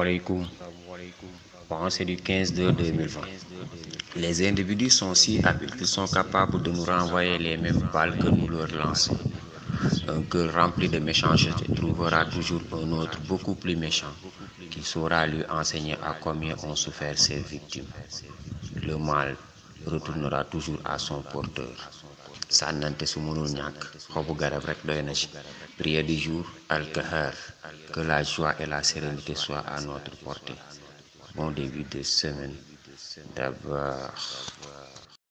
alaikum, Pensée du 15 de 2020. Les individus sont si habiles qu'ils sont capables de nous renvoyer les mêmes balles que nous leur lançons. Un cœur rempli de méchanceté trouvera toujours un autre beaucoup plus méchant qui saura lui enseigner à combien ont souffert ses victimes. Le mal retournera toujours à son porteur. Sanante su mënul ñak xobu garab rek doyna ci prière du jour Al-Kahar, que la joie et la sérénité soient à notre portée bon début de semaine d'abord